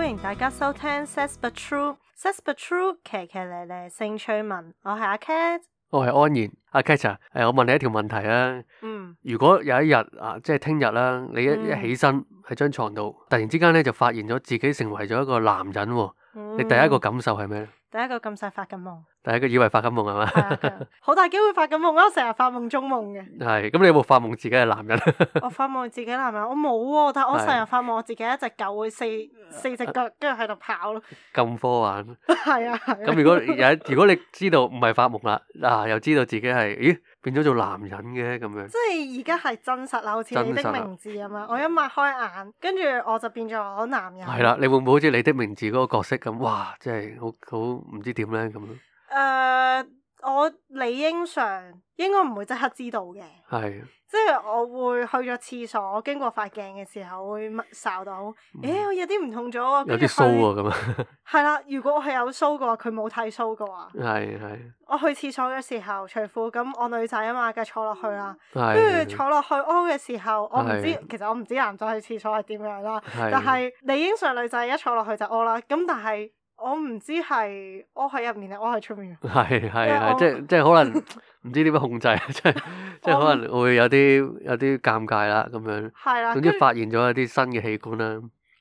歡迎大家收聽 s true, true, 奇奇嘞嘞《Says but True》，《Says but True》騎騎咧咧性趣聞，我係阿 Cat，我係安然，阿 Cat，我問你一條問題啦，嗯、如果有一日啊，即係聽日啦，你一一起身喺張、嗯、床度，突然之間咧就發現咗自己成為咗一個男人，嗯、你第一個感受係咩咧？第一個咁細發緊夢，第一個以為發緊夢係嘛？好大機會發緊夢咯，成日發夢中夢嘅。係，咁你有冇發夢自己係男人？ 我發夢自己男人，我冇喎、啊，但係我成日發夢我自己一隻狗會四，四四隻腳，跟住喺度跑咯。咁科幻。係啊，咁 如果有如果你知道唔係發夢啦，嗱、啊、又知道自己係，咦？變咗做男人嘅咁樣，即係而家係真實啦，好似《你的名字》咁啊！我一擘開眼，跟住我就變咗我男人。係啦，你會唔會好似《你的名字》嗰個角色咁？哇！即係好好唔知點咧咁。誒。Uh 我理應常應該唔會即刻知道嘅，的即係我，我，我會去咗廁所，經過塊鏡嘅時候會乜睄到，誒、哎、我有啲唔同咗喎，有啲須喎，咁係啦，如果我係有須嘅話，佢冇剃須嘅話。係係。我去廁所嘅時候，除褲，咁我女仔啊嘛，梗係坐落去啦，跟住的坐落去屙嘅時候，我唔知的其實我唔知男仔去廁所係點樣啦，但係的的理應常女仔一坐落去就屙啦，咁但係。我唔知係我喺入面定我喺出面。係係係，即係即係可能唔知點樣控制，即係即係可能會有啲有啲尷尬啦咁樣。係啦 是，總之發現咗一啲新嘅器官啦。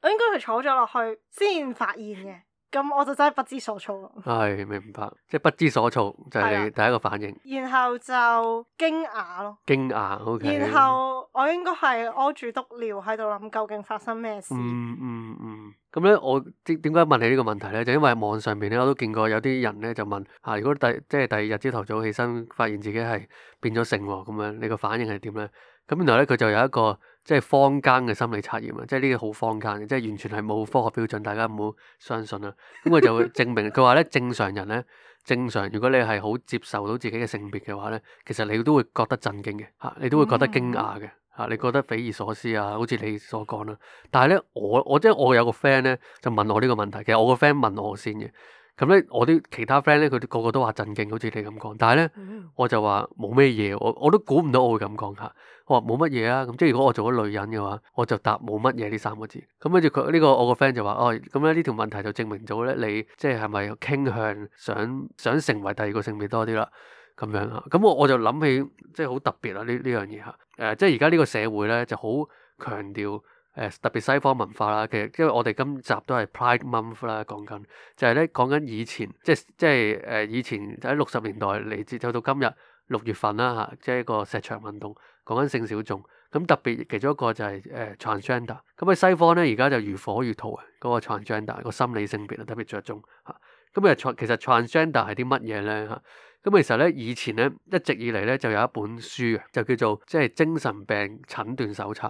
我應該係坐咗落去先發現嘅。咁我就真係不知所措咯。係、哎，明白，即係不知所措就係、你、第一個反應。然後就驚訝咯。驚訝，O K。Okay、然後我應該係屙住篤尿喺度諗究竟發生咩事。嗯嗯嗯。咁、嗯、咧，嗯、我點點解問你呢個問題咧？就因為網上面咧，我都見過有啲人咧就問，啊，如果第即係第二日朝頭早起身，發現自己係變咗性喎，咁樣你個反應係點咧？咁然後咧，佢就有一個。即係坊間嘅心理測驗啊，即係呢啲好坊間嘅，即係完全係冇科學標準，大家唔好相信啦。咁佢就會證明佢話咧，正常人咧，正常如果你係好接受到自己嘅性別嘅話咧，其實你都會覺得震驚嘅嚇，你都會覺得驚訝嘅嚇，你覺得匪夷所思啊，好似你所講啦。但係咧，我我即係我，我有個 friend 咧，就問我呢個問題，其實我個 friend 問我先嘅。咁咧，我啲其他 friend 咧，佢哋個個都話震驚，好似你咁講。但係咧，我就話冇咩嘢，我我都估唔到我會咁講嚇。我話冇乜嘢啊。咁即係如果我做咗女人嘅話，我就答冇乜嘢呢三個字。咁跟住佢呢個我個 friend 就話：哦，咁咧呢條問題就證明咗咧，你即係係咪傾向想想成為第二個性別多啲啦？咁樣啊。咁我我就諗起即係好特別啦呢呢樣嘢嚇。誒、呃，即係而家呢個社會咧就好強調。誒特別西方文化啦，其實因為我哋今集都係 Pride Month 啦，講緊就係咧講緊以前，即即係誒以前就喺六十年代嚟至走到今日六月份啦吓、啊，即係一個石牆運動講緊性小眾，咁、啊、特別其中一個就係誒 transgender，咁、啊、喺西方咧而家就如火如荼嗰、那個 transgender 個心理性別特別着重吓，咁啊，啊其實 transgender 係啲乜嘢咧吓？咁、啊啊、其實咧以前咧一直以嚟咧就有一本書嘅，就叫做即係、就是、精神病診斷手冊。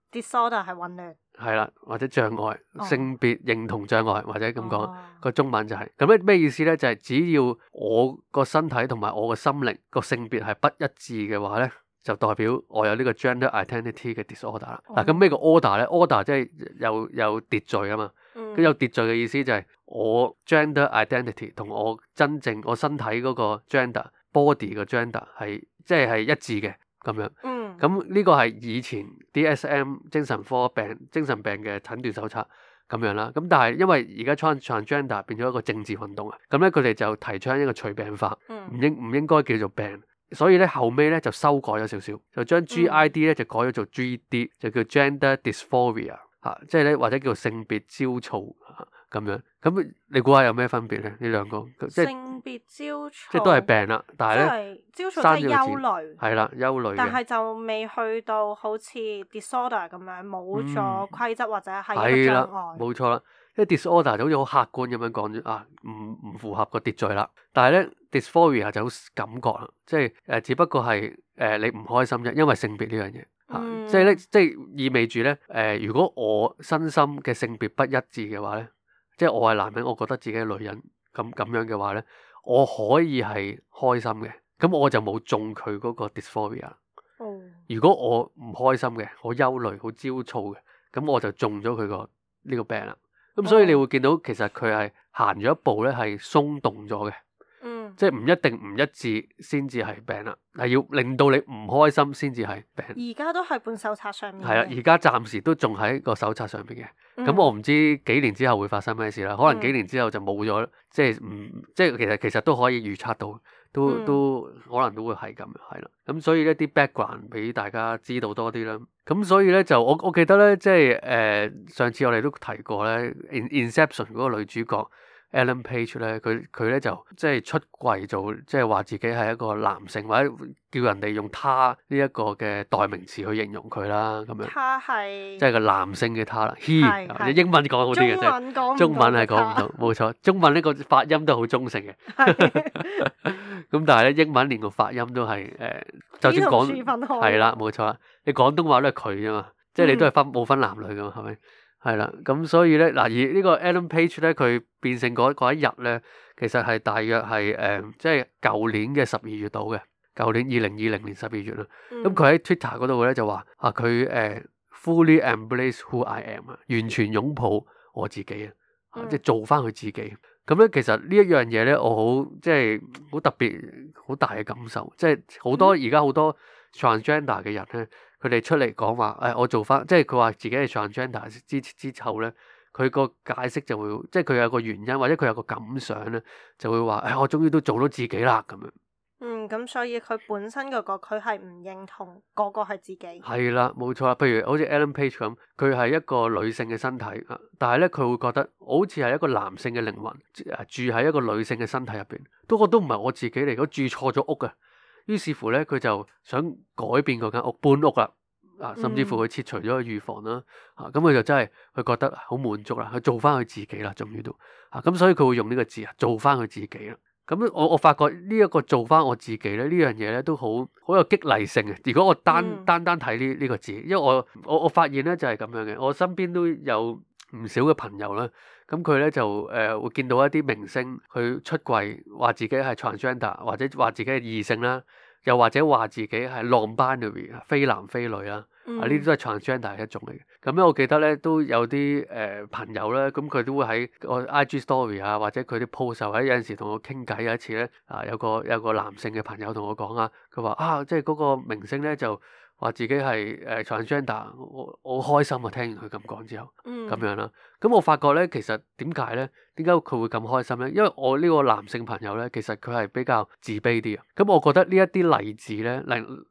disorder 係混亂，係啦，或者障礙、oh。性別認同障礙，或者咁講個中文就係咁咧。咩意思咧？就係、是、只要我個身體同埋我個心靈個性別係不一致嘅話咧，就代表我有呢個 gender identity 嘅 disorder 啦。嗱咁咩個 order 咧？order 即係有有秩序啊嘛。咁有秩序嘅、mm。意思就係我 gender identity 同我真正我身體嗰個 gender body 個 gender 係即係係一致嘅咁樣。Mm. 咁呢個係以前 DSM 精神科病精神病嘅診斷手冊咁樣啦，咁但係因為而家 transgender 變咗一個政治運動啊，咁咧佢哋就提倡一個除病化，唔應唔應該叫做病，所以咧後尾咧就修改咗少少，就將 GID 咧就改咗做 GD，就叫 gender dysphoria 嚇，即係咧或者叫性別焦躁嚇。咁樣，咁你估下有咩分別咧？呢兩個即係性別焦躁，即係都係病啦。但係咧，焦躁即係憂慮，係啦，憂慮嘅。但係就未去到好似 disorder 咁樣，冇咗、嗯、規則或者係一個障礙。冇錯啦，因為 disorder 就好似好客觀咁樣講，啊，唔唔符合個秩序啦。但係咧，dysphoria 就好感覺啦，即係誒，只不過係誒、呃、你唔開心啫，因為性別、嗯啊就是、呢樣嘢嚇，即係咧，即係意味住咧誒，如果我身心嘅性別不一致嘅話咧。即係我係男人，我覺得自己係女人咁咁樣嘅話咧，我可以係開心嘅，咁我就冇中佢嗰個 disorder。如果我唔開心嘅，我憂慮、好焦躁嘅，咁我就中咗佢個呢個病啦。咁所以你會見到其實佢係行咗一步咧，係鬆動咗嘅。即係唔一定唔一致先至係病啦，係要令到你唔開心先至係病。而家都係本手冊上面。係啦，而家暫時都仲喺個手冊上面嘅。咁、嗯、我唔知幾年之後會發生咩事啦。可能幾年之後就冇咗，即係唔即係其實其實都可以預測到，都、嗯、都可能都會係咁，係啦。咁所以呢啲 background 俾大家知道多啲啦。咁所以呢，就我我記得呢，即係誒、呃、上次我哋都提過呢《Inception》嗰個女主角。Ellen Page 咧，佢佢咧就即係出櫃做，即係話自己係一個男性，或者叫人哋用他呢一個嘅代名詞去形容佢啦，咁樣。他係是。即係個男性嘅他啦。嘻」是是是，英文講好啲嘅。即中文係講唔到，冇錯。中文呢個發音都好中性嘅。咁的 但係咧，英文連個發音都係誒，就算講。樹分開。係啦，冇錯。你廣東話都係佢啊嘛，即係你都係分冇、嗯、分男女噶嘛，係咪？係啦，咁所以咧，嗱以個呢個 Ellen Page 咧，佢變成嗰一日咧，其實係大約係誒，即係舊年嘅十二月度嘅，舊年二零二零年十二月啦。咁佢喺 Twitter 嗰度咧就話啊，佢誒、呃、fully embrace who I am 啊，完全擁抱我自己啊，即係、嗯、做翻佢自己。咁、嗯、咧、嗯嗯、其實呢一樣嘢咧，我好即係好特別，好大嘅感受，即係好多而家好多 transgender 嘅人咧。佢哋出嚟講話，誒、哎、我做返，即係佢話自己係 transgender 之之後咧，佢個解釋就會，即係佢有個原因，或者佢有個感想咧，就會話誒、哎、我終於都做到自己啦咁樣。嗯，咁所以佢本身個個佢係唔認同個個係自己。係啦，冇錯。譬如好似 Alan Page 咁，佢係一個女性嘅身體，但係咧佢會覺得好似係一個男性嘅靈魂住喺一個女性嘅身體入邊，都都不過都唔係我自己嚟，如果住錯咗屋嘅。於是乎咧，佢就想改變嗰間屋，搬屋啦，啊，甚至乎佢切除咗個預防啦、嗯啊，啊，咁佢就真係佢覺得好滿足啦，佢做翻佢自己啦，終於都，啊，咁所以佢會用呢個字啊，做翻佢自己啦。咁我我發覺呢一個做翻我自己咧，樣呢樣嘢咧都好好有激勵性嘅。如果我單、嗯、單單睇呢呢個字，因為我我我發現咧就係咁樣嘅，我身邊都有唔少嘅朋友啦。咁佢咧就誒、呃、會見到一啲明星，去出櫃話自己係 transgender，或者話自己係異性啦，又或者話自己係 non-binary 非男非女啦，啊呢啲都係 transgender 一種嚟嘅。咁咧我記得咧都有啲誒、呃、朋友啦，咁佢都會喺個 IG story 啊，或者佢啲 post 曬，有陣時同我傾偈。有一次咧啊，有個有個男性嘅朋友同我講啊，佢話啊，即係嗰個明星咧就。話自己係誒 transgender，我我好開心啊！聽完佢咁講之後，咁樣啦。咁、嗯、我發覺咧，其實點解咧？點解佢會咁開心咧？因為我呢個男性朋友咧，其實佢係比較自卑啲嘅。咁我覺得呢一啲例子咧，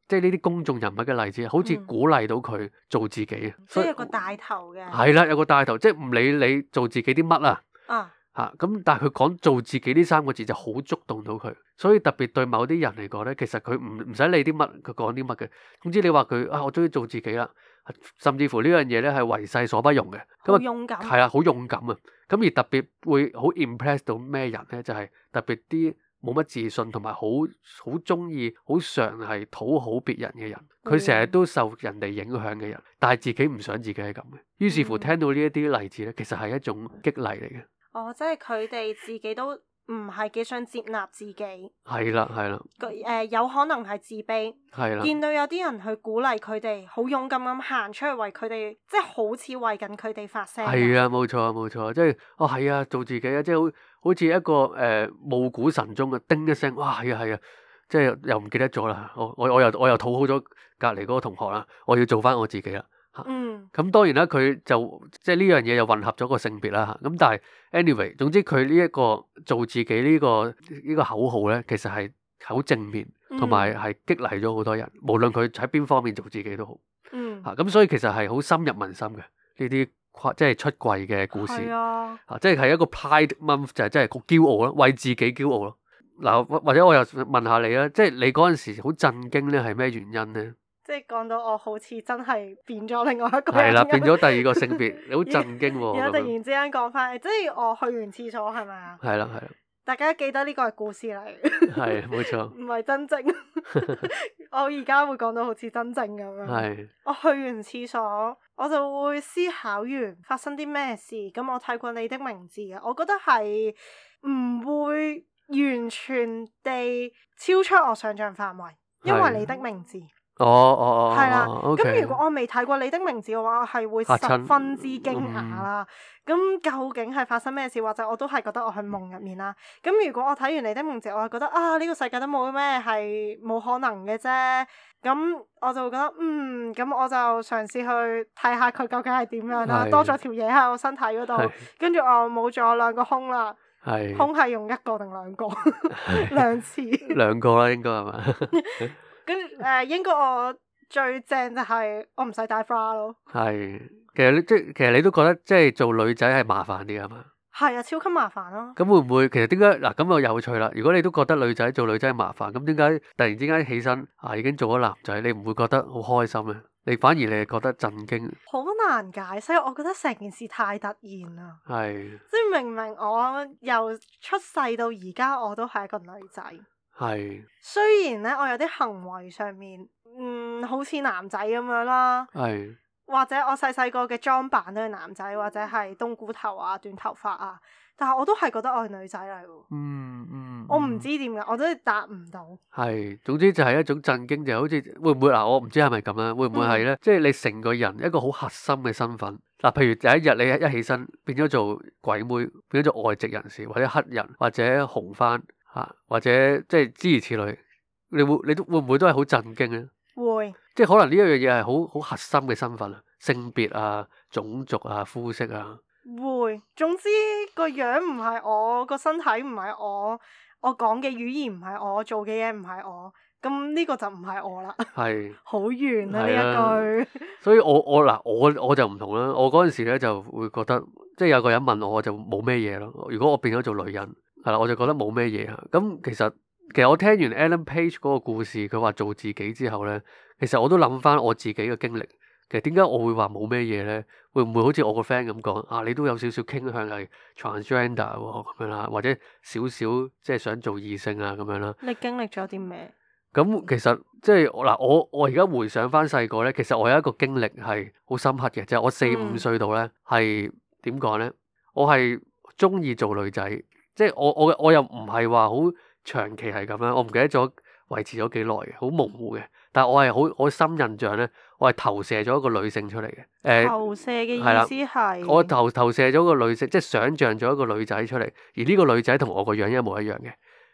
即係呢啲公眾人物嘅例子，好似鼓勵到佢做自己啊！嗯、所以即係有個帶頭嘅。係啦，有個帶頭，即係唔理你做自己啲乜啊。吓咁、啊，但係佢講做自己呢三個字就好觸動到佢，所以特別對某啲人嚟講呢，其實佢唔唔使理啲乜，佢講啲乜嘅。總之你話佢啊，我中意做自己啦，甚至乎呢樣嘢呢係為世所不容嘅，係啊，好勇敢啊。咁而特別會好 impress 到咩人呢？就係、是、特別啲冇乜自信同埋好好中意好常係討好別人嘅人，佢成日都受人哋影響嘅人，但係自己唔想自己係咁嘅。於是乎聽到呢一啲例子呢，其實係一種激勵嚟嘅。哦，即係佢哋自己都唔係幾想接納自己。係啦，係啦。誒、呃，有可能係自卑。係啦的。見到有啲人去鼓勵佢哋，好勇敢咁行出去為佢哋，即係好似為緊佢哋發聲。係啊，冇錯啊，冇錯啊，即係，啊係啊，做自己啊，即係好，好似一個誒，暮、呃、鼓晨鐘啊，叮一聲，哇，係啊係啊，即係又唔記得咗啦，我我又我又討好咗隔籬嗰個同學啦，我要做翻我自己啦。嗯，咁、嗯、當然啦，佢就即係呢樣嘢又混合咗個性別啦吓，咁但係 anyway，總之佢呢一個做自己呢、這個呢、這個口號咧，其實係好正面，同埋係激勵咗好多人，無論佢喺邊方面做自己都好，吓咁、嗯嗯啊、所以其實係好深入民心嘅呢啲即係出櫃嘅故事，啊，啊即係係一個 Pride Month 就係即係個驕傲咯，為自己驕傲咯。嗱、啊、或者我又問下你啦，即係你嗰陣時好震驚咧係咩原因咧？即係講到我好似真係變咗另外一個人，係啦，變咗第二個性別，你好震驚喎、啊！然 突然之間講翻，即係我去完廁所係咪啊？係啦，係啦。大家記得呢個係故事嚟，係冇錯，唔係真正。 我而家會講到好似真正咁樣。係的。我去完廁所，我就會思考完發生啲咩事。咁我睇過你的名字嘅，我覺得係唔會完全地超出我想象範圍，因為你的名字。哦哦哦，係啦。咁如果我未睇過你的名字嘅話，我係會十分之驚訝啦。咁、嗯、究竟係發生咩事？或者我都係覺得我喺夢入面啦。咁如果我睇完你的名字，我就覺得啊，呢、呢個世界都冇咩係冇可能嘅啫。咁我就會覺得嗯，咁我就嘗試去睇下佢究竟係點樣啦。是多咗條嘢喺我身體嗰度，跟住是我冇咗兩個胸啦。係是，胸係用一個定兩個？ 兩次。兩個啦，應該係咪？ 誒，英國、uh, 我最正就係我唔使戴 bra 咯。係，其實即係其實你都覺得即係做女仔係麻煩啲啊嘛。係啊，超級麻煩咯，啊。咁會唔會其實點解嗱咁我有趣啦？如果你都覺得女仔做女仔係麻煩，咁點解突然之間起身啊已經做咗男仔？你唔會覺得好開心咧，啊？你反而你係覺得震驚？好難解，所以我覺得成件事太突然啦。係、啊。即係明明我由出世到而家，我都係一個女仔。係，是雖然咧，我有啲行為上面，嗯，好似男仔咁樣啦，係是，或者我細細個嘅裝扮都係男仔，或者係冬菇頭啊、短頭髮啊，但係我都係覺得我係女仔嚟喎。嗯嗯，我唔知點解，我都答唔到。係，總之就係一種震驚，就好似會唔會嗱，我唔知係咪咁樣，會唔會係咧？即係、嗯、你成個人一個好核心嘅身份嗱，譬如第一日你一起身變咗做鬼妹，變咗做外籍人士，或者黑人，或者紅番。吓，或者即係諸如此類，你會你都會唔會都係好震驚咧？會，即係可能呢一樣嘢係好好核心嘅身份啦，性別啊、種族啊、膚色啊。會，總之個樣唔係我，個身體唔係我，我講嘅語言唔係我，做嘅嘢唔係我，咁呢個就唔係我啦。係是。好遠 啊！呢、啊、一句。 所以我我嗱我我就唔同啦，我嗰陣時咧就會覺得，即係有個人問我，就冇咩嘢咯。如果我變咗做女人。係啦， 我就覺得冇咩嘢吓。咁其實其實我聽完 Ellen Page 嗰個故事，佢話做自己之後咧，其實我都諗翻我自己嘅經歷。其實點解我會話冇咩嘢咧？會唔會好似我個 friend 咁講啊？你都有少少傾向係 transgender 喎，咁樣啦，或者少少即係想做異性啊，咁樣啦。你經歷咗啲咩？咁其實即係嗱，我我而家回想翻細個咧，其實我有一個經歷係好深刻嘅，即係我四五歲度咧，係點講咧？我係中意做女仔。即係我我我又唔係話好長期係咁樣，我唔記得咗維持咗幾耐嘅，好模糊嘅。但係我係好我深印象咧，我係投射咗一個女性出嚟嘅。誒、欸，投射嘅意思係我投投射咗個女性，即係想像咗一個女仔出嚟，而呢個女仔同我個樣一模一樣嘅。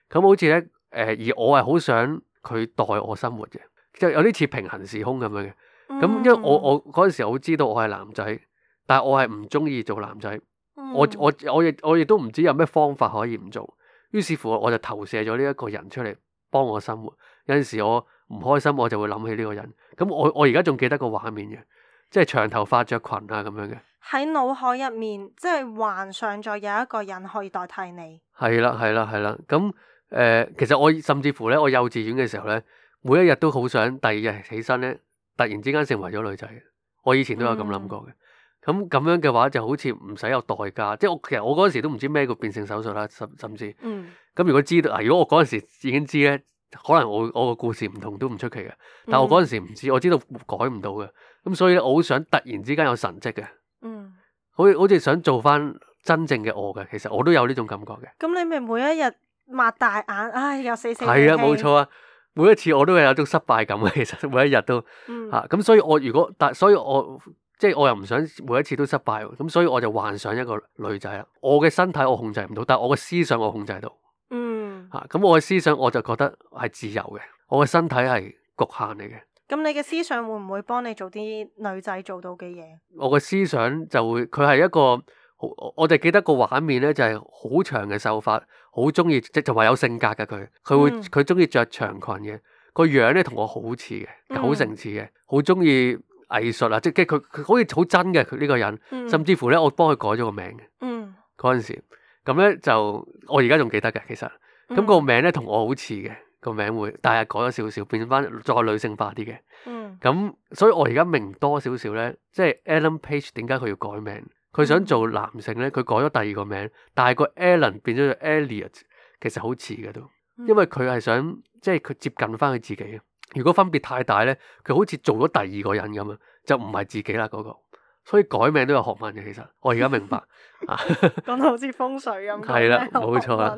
咁好似咧誒，而我係好想佢代我生活嘅，即係有啲似平行時空咁樣嘅。咁、嗯、因為我我嗰陣時好知道我係男仔，但我係唔中意做男仔。我我我亦我亦都唔知有咩方法可以唔做，於是乎我就投射咗呢一個人出嚟幫我生活。有陣時我唔開心，我就會諗起呢個人。咁我我而家仲記得個畫面嘅，即係長頭髮着裙啊咁樣嘅。喺腦海入面，即係幻想咗有一個人可以代替你。係啦係啦係啦，咁誒、嗯，其實我甚至乎咧，我幼稚園嘅時候咧，每一日都好想第二日起身咧，突然之間成為咗女仔。我以前都有咁諗過嘅、嗯。咁咁樣嘅話就好似唔使有代價，即係我其實我嗰陣時都唔知咩叫變性手術啦，甚甚至。嗯。咁如果知道，啊如果我嗰陣時已經知咧，可能我我個故事唔同都唔出奇嘅。嗯。但我嗰陣時唔知，嗯、我知道改唔到嘅。咁所以，我好想突然之間有神跡嘅。嗯。好好似想做翻真正嘅我嘅，其實我都有呢種感覺嘅。咁你咪每一日擘大眼，唉，有死死。係啊，冇錯啊！每一次我都係有種失敗感嘅，其實每一日都。嗯。吓！咁所以我如果但所以我。即係我又唔想每一次都失敗，咁所以我就幻想一個女仔啦。我嘅身體我控制唔到，但係我嘅思想我控制到。嗯，嚇咁、啊、我嘅思想我就覺得係自由嘅，我嘅身體係局限嚟嘅。咁你嘅思想會唔會幫你做啲女仔做到嘅嘢？會會，我嘅思想就會，佢係一個，我我就記得個畫面呢，就係好長嘅秀髮，好中意即係就話有性格嘅佢，佢會佢中意着長裙嘅個樣呢同我好似嘅，九成似嘅，好中意。嗯藝術啊，即係佢佢好似好真嘅，佢呢個人，嗯、甚至乎呢，我幫佢改咗個名嘅。嗰陣、嗯、時，咁呢，就我而家仲記得嘅。其實，咁、那個名呢，同我好似嘅，那個名會，但係改咗少少，變翻再女性化啲嘅。咁、嗯、所以我而家明多少少呢，即係 Ellen Page 點解佢要改名？佢、嗯、想做男性呢，佢改咗第二個名，但係個 Ellen 變咗做 Elliot，其實好似嘅都，因為佢係想即係佢接近翻佢自己。如果分別太大呢，佢好似做咗第二個人咁樣，就唔係自己啦，嗰、嗰個，所以改名都有學問嘅。其實我而家明白，講到 好似風水咁，係啦， 冇錯啦。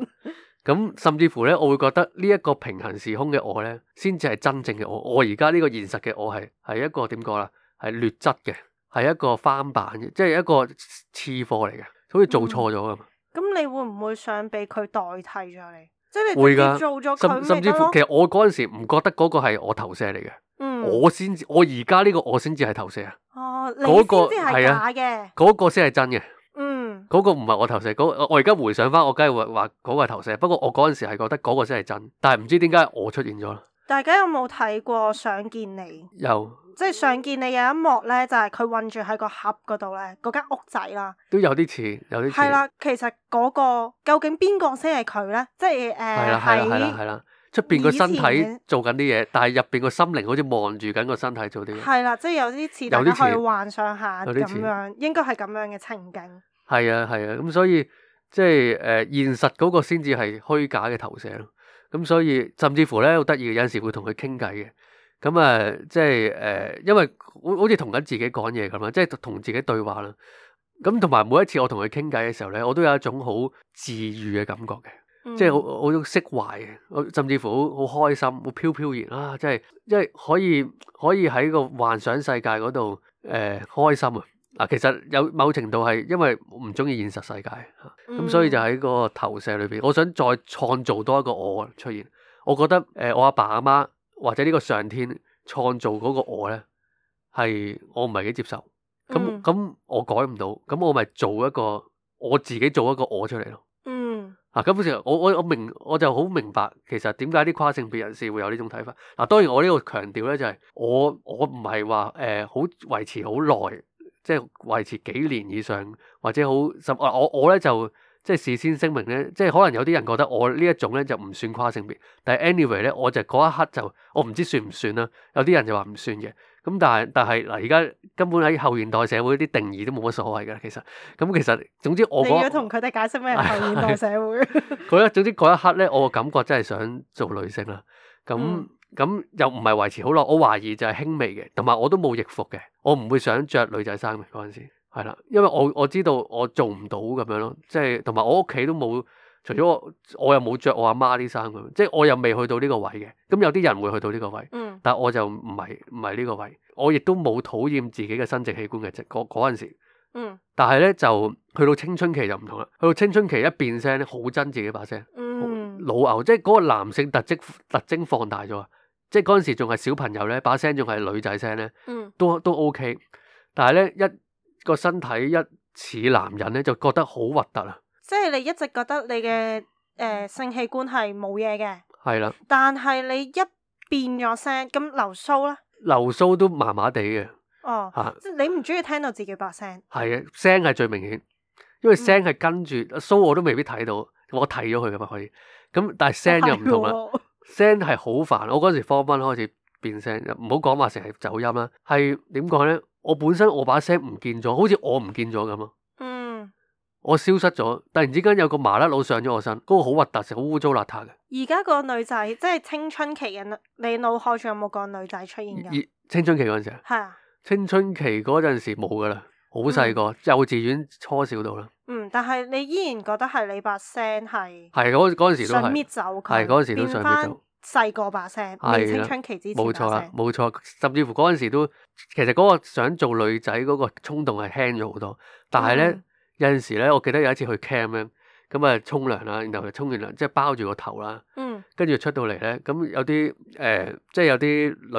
咁 甚至乎呢，我會覺得呢一個平行時空嘅我呢，先至係真正嘅我。我而家呢個現實嘅我係係一個點講啦，係劣質嘅，係一個翻版嘅，即係一個次貨嚟嘅，好似做錯咗啊嘛。咁、嗯、你會唔會想俾佢代替咗你？會噶，甚甚至乎其實我嗰陣時唔覺得嗰個係我投射嚟嘅，嗯，我先我而家呢個我先至係投射啊。哦，你先至係假嘅，嗰個先係，啊嗰個真嘅。嗯，嗰個唔係我投射，嗰，嗰個，我而家回想翻，我梗係話話嗰個係投射。不過我嗰陣時係覺得嗰個先係真，但係唔知點解我出現咗啦。大家有冇睇過《想見你》？有，即係《想見你》有一幕咧，就係佢困住喺個盒嗰度咧，嗰間屋仔啦。都有啲似，有啲似。係啦，其實嗰個究竟邊個先係佢咧？即係誒喺出邊個身體做緊啲嘢，但係入邊個心靈好似望住緊個身體做啲嘢。係啦，即係有啲似有啲可以幻想下咁樣，應該係咁樣嘅情景。係啊，係啊，咁所以即係誒現實嗰個先至係虛假嘅投射咯。咁所以，甚至乎咧好得意嘅。有時會同佢傾偈嘅。咁啊，即係誒、呃，因為好好似同緊自己講嘢咁啊，即係同自己對話啦。咁同埋每一次我同佢傾偈嘅時候咧，我都有一種好治癒嘅感覺嘅，即係好好釋懷嘅。甚至乎好好開心，好飄飄然啊！即係因為可以可以喺個幻想世界嗰度誒開心啊。嗱，其實有某程度係因為唔中意現實世界，咁、嗯、所以就喺個投射裏邊，我想再創造多一個我出現。我覺得誒、呃，我阿爸阿媽或者呢個上天創造嗰個我呢，係我唔係幾接受。咁咁、嗯、我改唔到，咁我咪做一個我自己做一個我出嚟咯。嗯。嗱、啊，咁好似我我我明，我就好明白其實點解啲跨性別人士會有呢種睇法。嗱、啊，當然我呢個強調呢，就係、是、我我唔係話誒好維持好耐。即係維持幾年以上，或者好甚？我我咧，就即係事先聲明咧，即係可能有啲人覺得我呢一種咧就唔算跨性別，但係 anyway 咧，我就嗰一刻就我唔知算唔算啦。有啲人就話唔算嘅，咁但係但係嗱，而家根本喺後現代社會啲定義都冇乜所謂噶啦，其實咁其實總之我你要同佢哋解釋咩係後現代社會。佢一 總之嗰一刻咧，我嘅感覺真係想做女性啦。咁咁、嗯、又唔係維持好耐，我懷疑就係輕微嘅，同埋我都冇易服嘅。我唔會想着女仔衫嘅嗰陣時，係啦，因為我我知道我做唔到咁樣咯，即係同埋我屋企都冇，除咗我我，我，我又冇着我阿媽啲衫咁，即係我又未去到呢個位嘅。咁有啲人會去到呢個位，但係我就唔係唔係呢個位。我亦都冇討厭自己嘅生殖器官嘅，即係嗰嗰陣時。但係呢就去到青春期就唔同啦，去到青春期一變聲咧，好憎自己把聲，老牛即係嗰個男性特徵特徵放大咗。即係嗰陣時仲係小朋友咧，把聲仲係女仔聲咧，嗯，都都 OK 但。但係咧，一個身體一似男人咧，就覺得好核突啊！即係你一直覺得你嘅誒、呃、性器官係冇嘢嘅，係啦的。但係你一變咗聲，咁流蘇咧？流蘇都麻麻地嘅。哦，嚇，啊！即係你唔中意聽到自己把聲？係啊，聲係最明顯，因為聲係跟住蘇、嗯 so、我都未必睇到，我睇咗佢㗎嘛。可以。咁但係聲又唔同啦。聲係好煩，我嗰時方 w i 開始變聲，唔好講話成日走音啦。係點講咧？我本身我把聲唔見咗，好似我唔見咗咁咯。嗯，我消失咗，突然之間有個麻甩佬上咗我身，嗰、那個好核突，成好污糟邋遢嘅。而家個女仔即係青春期嘅女，你腦海仲有冇個女仔出現嘅？青春期嗰陣時係啊，青春期嗰陣時冇噶啦，好細個，嗯、幼稚園初小到啦。嗯，但係你依然覺得係你把聲係係嗰嗰陣時都想搣走係，係嗰陣時都想搣走，走，細個把聲，年青春期之前把聲，冇錯冇錯，甚至乎嗰陣時都其實嗰個想做女仔嗰個衝動係輕咗好多。但係咧、嗯、有陣時咧，我記得有一次去 camp 咁、嗯，咁啊沖涼啦，然後就沖完涼即係包住個頭啦，嗯，跟住出到嚟咧，咁有啲誒，即係有啲、呃就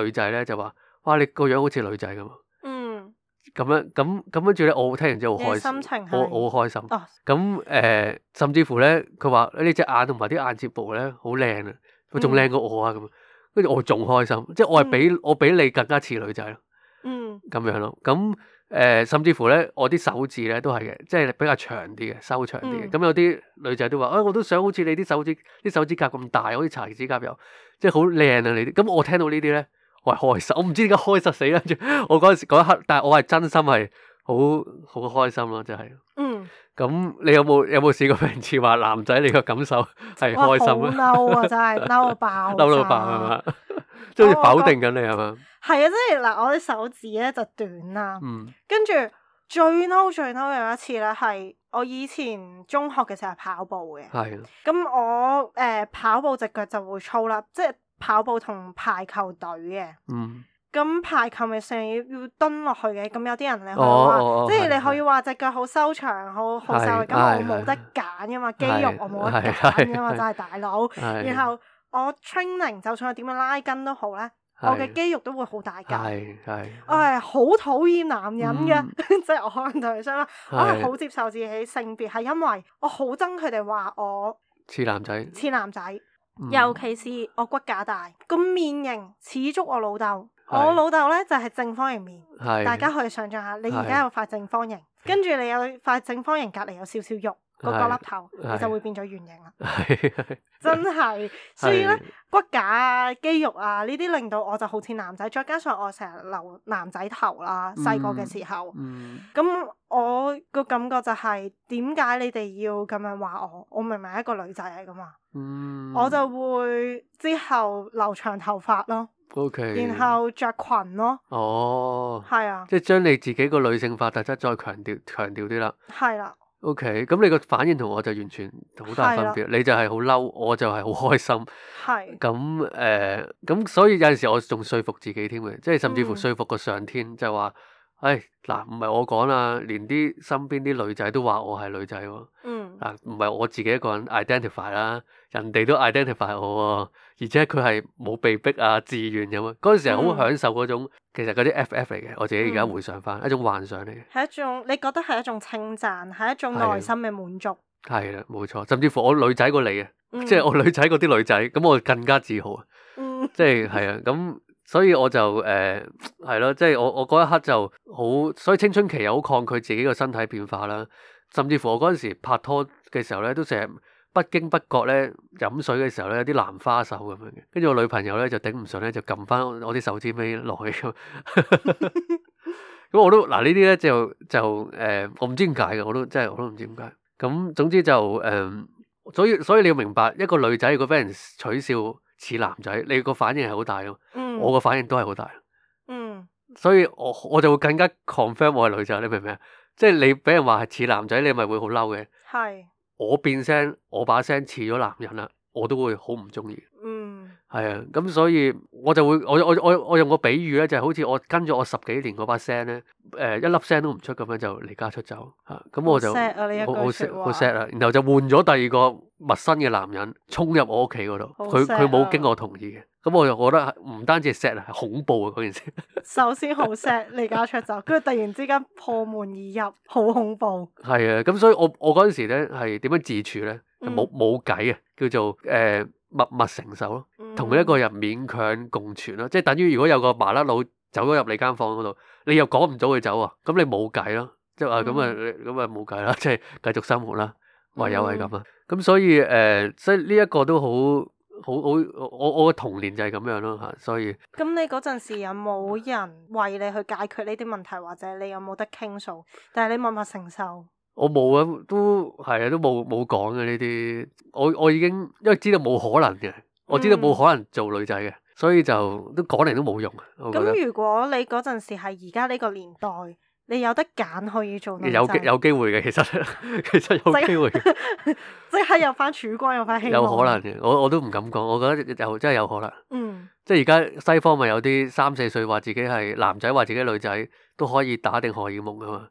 是、女仔咧就話：哇，你個樣好似女仔咁咁樣咁咁跟住咧，我聽完之後好開心，心我好開心。哦，咁誒、呃，甚至乎咧，佢話呢隻眼同埋啲眼睫毛咧，好靚啊，佢仲靚過我啊，咁、嗯，跟住我仲開心，即係我係比、嗯、我比你更加似女仔咯。嗯，咁樣咯，咁、呃、誒，甚至乎咧，我啲手指咧都係嘅，即係比較長啲嘅，修長啲嘅。咁、嗯、有啲女仔都話，啊、哎，我都想好似你啲手指，啲手指甲咁大，好似搽完指甲油，即係好靚啊！你啲，咁我聽到呢啲咧。喂，開心！我唔知點解開心死，跟住我嗰陣時嗰一刻，但係我係真心係好好開心咯、啊，真、就、係、是。嗯。咁你有冇有冇試過類似話男仔你個感受係開心咧、啊？我好嬲啊，真係嬲到爆！嬲到爆係嘛？即係好似否定緊你係嘛？係啊，即係嗱，我啲手指咧就短啦。嗯。跟住是吧、 嗯、最嬲最嬲有一次咧，係我以前中學嘅時候係跑步嘅。係、啊。咁我誒、呃、跑步隻腳就會粗啦，即係。跑步同排球隊嘅，咁排球咪成日要蹲落去嘅。咁有啲人你可以話，即係你可以話隻腳好修長，好好瘦。咁我冇得揀噶嘛，肌肉我冇得揀噶嘛，真係大佬。然後我 training 就算我點樣拉筋都好咧，我嘅肌肉都會好大。係係，我係好討厭男人嘅，即係我可能同佢講，我係好接受自己性別，係因為我好憎佢哋話我似男仔，似男仔。尤其是我骨架大，個面型似足我老豆。是我老豆咧就係、是、正方形面，是大家可以想象下，你而家有塊正方形，是跟住你有塊正方形隔籬有少少肉。個角粒頭，你就會變咗圓形啦。 真係。所以咧， 骨架啊、肌肉啊呢啲令到我就好似男仔，再加上我成日留男仔頭啦，細個嘅時候。嗯。咁 我個感覺就係、是，點解你哋要咁樣話我？我明明係一個女仔嚟噶嘛。嗯。我就會之後留長頭髮咯。O K。然後着裙咯。哦。係啊。即係將你自己個女性化特質再強調強調啲啦。係啦。 O.K. 咁你個反應同我就完全好大分別，的你就係好嬲，我就係好開心。係的。咁誒，咁、uh, 所以有陣時我仲說服自己添嘅，即係甚至乎說服個上天，嗯、就係話。哎嗱，唔係我講啦，連啲身邊啲女仔都話我係女仔喎。嗯。嗱，唔係我自己一個人 identify 啦，人哋都 identify 我喎。而且佢係冇被逼啊，自願咁啊。嗰陣時係好享受嗰種，其實嗰啲 FF 嚟嘅。我自己而家回想返，嗯、一種幻想嚟嘅，係一種，你覺得係一種稱讚，係一種內心嘅滿足。係啦、啊，冇、嗯啊、錯。甚至乎我女仔過你啊，嗯、即係我女仔嗰啲女仔，咁我更加自豪啊。即係係啊，咁。 所以我就誒係咯，即、呃、係、就是、我我嗰一刻就好，所以青春期又好抗拒自己個身體變化啦。甚至乎我嗰陣時拍拖嘅時候咧，都成日不經不覺咧飲水嘅時候咧，有啲蘭花手咁樣嘅。跟住我女朋友咧就頂唔順咧，就撳翻我啲手指尾落去咁。咁 我都嗱呢啲咧就就誒、呃，我唔知點解嘅，我都真係我都唔知點解。咁總之就誒、呃，所以所以你要明白一個女仔如果俾人取笑似男仔，你個反應係好大咯。嗯我嘅反應都係好大，嗯，所以我我就會更加 confirm 我係女仔，你明唔明啊？即係你俾人話係似男仔，你咪會好嬲嘅。係，我變聲，我把聲似咗男人啦，我都會好唔中意。嗯。係啊，咁所以我就會我我我我用個比喻咧，就係、係、好似我跟住我十幾年嗰把聲咧，誒、呃、一粒聲都唔出咁樣就離家出走，吓咁我就 sad、啊好，好 sad 啊，然後就換咗第二個陌生嘅男人衝入我屋企嗰度，佢佢冇經我同意嘅，咁我就覺得唔單止 sad 啊，係恐怖啊嗰件事。首先好 sad，離家出走，跟住 突然之間破門而入，好恐怖。係啊，咁所以我我嗰陣時咧係點樣自處咧？冇冇計啊，叫做誒。默默承受咯，同佢一個人勉強共存咯，嗯、即係等於如果有個麻甩佬走咗入你間房嗰度，你又趕唔到佢走，嗯、啊，咁你冇計咯，即係話咁啊，咁啊冇計啦，即係繼續生活啦，唯有係咁啊，咁、嗯、所以誒、呃，所以呢一個都好好好，我我嘅童年就係咁樣咯嚇。所以咁你嗰陣時有冇人為你去解決呢啲問題，或者你有冇得傾訴？但係你默默承受。我冇啊，都係啊，都冇冇講嘅呢啲。我我已經因為知道冇可能嘅，嗯、我知道冇可能做女仔嘅，所以就都講嚟都冇用。咁如果你嗰陣時係而家呢個年代，你有得揀可以做女仔，有機有機會嘅，其實其實有機會。 即係又翻曙光，又翻希望。有可能嘅，我我都唔敢講，我覺得有真係有可能。嗯，即係而家西方咪有啲三四歲話自己係男仔，話自己女仔都可以打定荷爾蒙㗎嘛。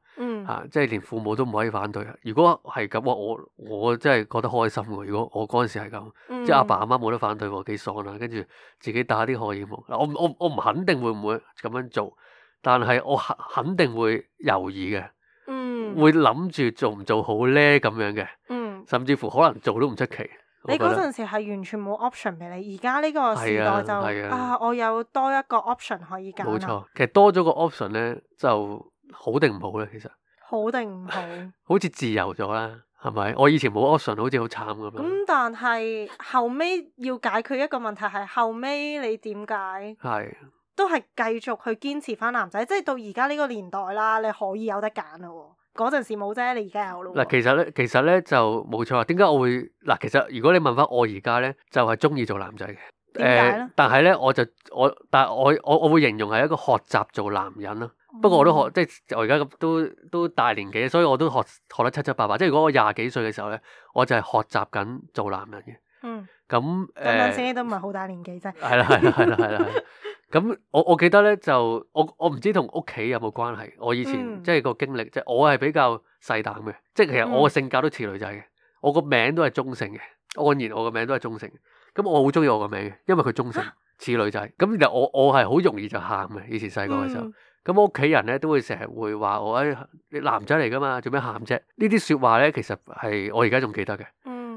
啊！即係連父母都唔可以反對。如果係咁，我我真係覺得開心嘅。如果我嗰陣時係咁，嗯、即係阿爸阿媽冇得反對喎，幾爽啦。跟住自己打啲荷爾蒙。嗱，我我我唔肯定會唔會咁樣做，但係我肯定會猶豫嘅，嗯、會諗住做唔做好咧咁樣嘅，甚至乎可能做都唔出奇。嗯、你嗰陣時係完全冇 option 俾你，而家呢個時代就啊，啊，啊，我有多一個 option 可以揀啦。冇錯，其實多咗個 option 咧，就好定唔好咧，其實。好定唔好？ 好似自由咗啦，係咪？我以前冇 option，好似好慘咁樣。咁、嗯、但係後尾要解決一個問題，係後尾你點解？係的都係繼續去堅持翻男仔，即係到而家呢個年代啦，你可以有得揀啦。嗰陣時冇啫，你而家有囉。嗱，其實咧，其實咧就冇錯啊。點解我會嗱？其實如果你問翻我而家咧，就係中意做男仔嘅。誒，呢但係咧，我就我，但係我我我會形容係一個學習做男人咯。不過我都學，即係我而家咁都都大年紀，所以我都學學得七七八八。即係如果我廿幾歲嘅時候咧，我就係學習緊做男人嘅。嗯。咁誒、嗯，但都唔係好大年紀啫。係啦，係啦、嗯，係啦、 啊，係啦。咁我我記得咧，就我我唔知同屋企有冇關係。我以前即係個經歷，嗯、即係我係比較細膽嘅。即係其實我個性格都似女仔嘅。我個名都係中性嘅。按言，我個名都係中性。咁我好中意我個名嘅，因為佢中性似女仔。咁其實我我係好容易就喊嘅，以前細個嘅時候。咁我屋企人咧都會成日會話我誒、哎，你男仔嚟噶嘛，做咩喊啫？呢啲說話咧其實係我而家仲記得嘅。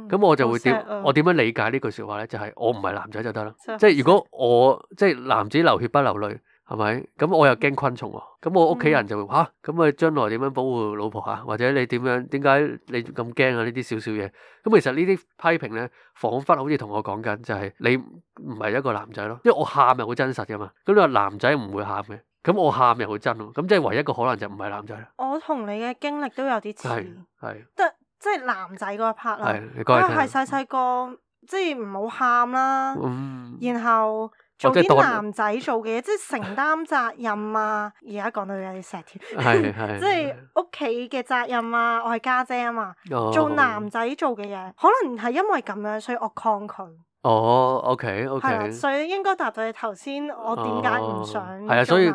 咁我就會點？嗯啊、我點樣理解呢句說話咧？就係、是、我唔係男仔就得啦。在即係如果我即係男子流血不流淚。係咪？咁我又驚昆蟲喎。咁我屋企人就會話咁、嗯、啊，將來點樣保護老婆啊？或者你點樣？點解你咁驚啊？呢啲少少嘢。咁其實評呢啲批評咧，仿佛好似同我講緊，就係、是、你唔係一個男仔咯。因為我喊又好真實噶嘛。咁你話男仔唔會喊嘅，咁我喊又好真咯。咁即係唯一,一個可能就唔係男仔啦。我同你嘅經歷都有啲似，係係，即係、就是、男仔嗰 part 啦。啊，係細細個，即係唔好喊啦，嗯、然後。做啲男仔做嘅嘢，即係承擔責任啊！而家講到有啲石條，係係係即係屋企嘅責任啊！我係家姐啊嘛，哦、做男仔做嘅嘢，可能係因為咁樣，所以我抗拒。哦，OK OK。係啦，所以應該答到你頭先，我點解唔想啊。哦、因為 所以，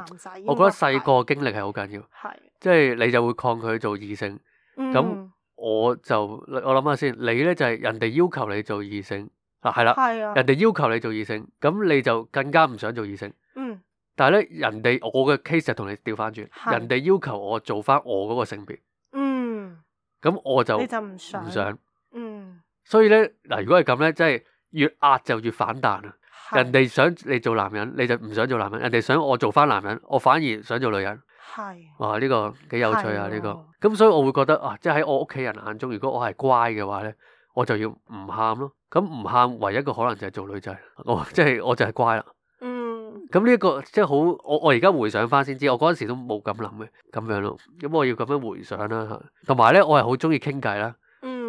我覺得細個經歷係好緊要。係的。即係你就會抗拒做異性。嗯。咁我就我諗下先，你咧就係、是、人哋要求你做異性。.係啦，係啊、人哋要求你做異性，咁你就更加唔想做異性。嗯。但係咧，人哋我嘅 case 就同你調翻轉，是人哋要求我做翻我嗰個性別。嗯。咁我就唔想。唔想。嗯。所以咧，嗱，如果係咁咧，即係越壓就越反彈啊！是人哋想你做男人，你就唔想做男人；人哋想我做翻男人，我反而想做女人。係是。哇！呢、呢個幾有趣啊！呢的、呢個。咁、呢個、所以我會覺得啊，即係喺我屋企人眼中，如果我係乖嘅話咧，我就要唔喊咯。咁唔喊，唯一個可能就係做女仔。oh，我即係我就係乖啦。嗯，mm. 這個，咁呢一個即係好，我我而家回想翻先知，我嗰陣時都冇咁諗嘅，咁樣咯。咁我要咁樣回想啦。同埋咧，我係好中意傾偈啦，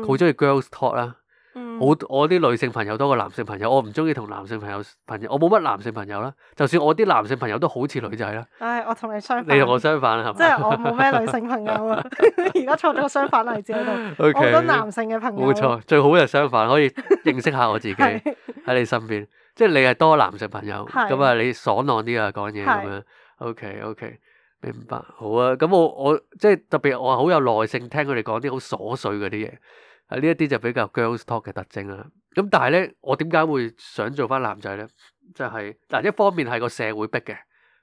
好中意 girls talk 啦。我我啲女性朋友多過男性朋友，我唔中意同男性朋友朋友，我冇乜男性朋友啦。就算我啲男性朋友都好似女仔啦。唉，我同你相反。你同我相反啦，係咪？即係我冇咩女性朋友啊！而家錯咗個相反例子喺度。O K。我男性嘅朋友。冇錯，最好就相反，可以認識下我自己喺 是你身邊。即係你係多男性朋友咁啊， 是你爽朗啲啊，講嘢咁樣。O K，O K，明白。好啊，咁我我即係特別，我好有耐性聽佢哋講啲好瑣碎嗰啲嘢。呢一啲就比較 girls talk 嘅特徵啦。咁但係咧，我點解會想做翻男仔咧？就係、是、嗱，一方面係個社會逼嘅，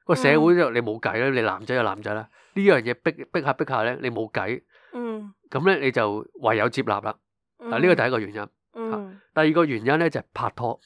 個社會就你冇計啦，嗯、你男仔就男仔啦。呢樣嘢逼逼下逼下咧，迫着迫着你冇計。嗯。咁咧你就唯有接納啦。嗱，呢個第一個原因。嗯啊、第二個原因咧就係拍拖。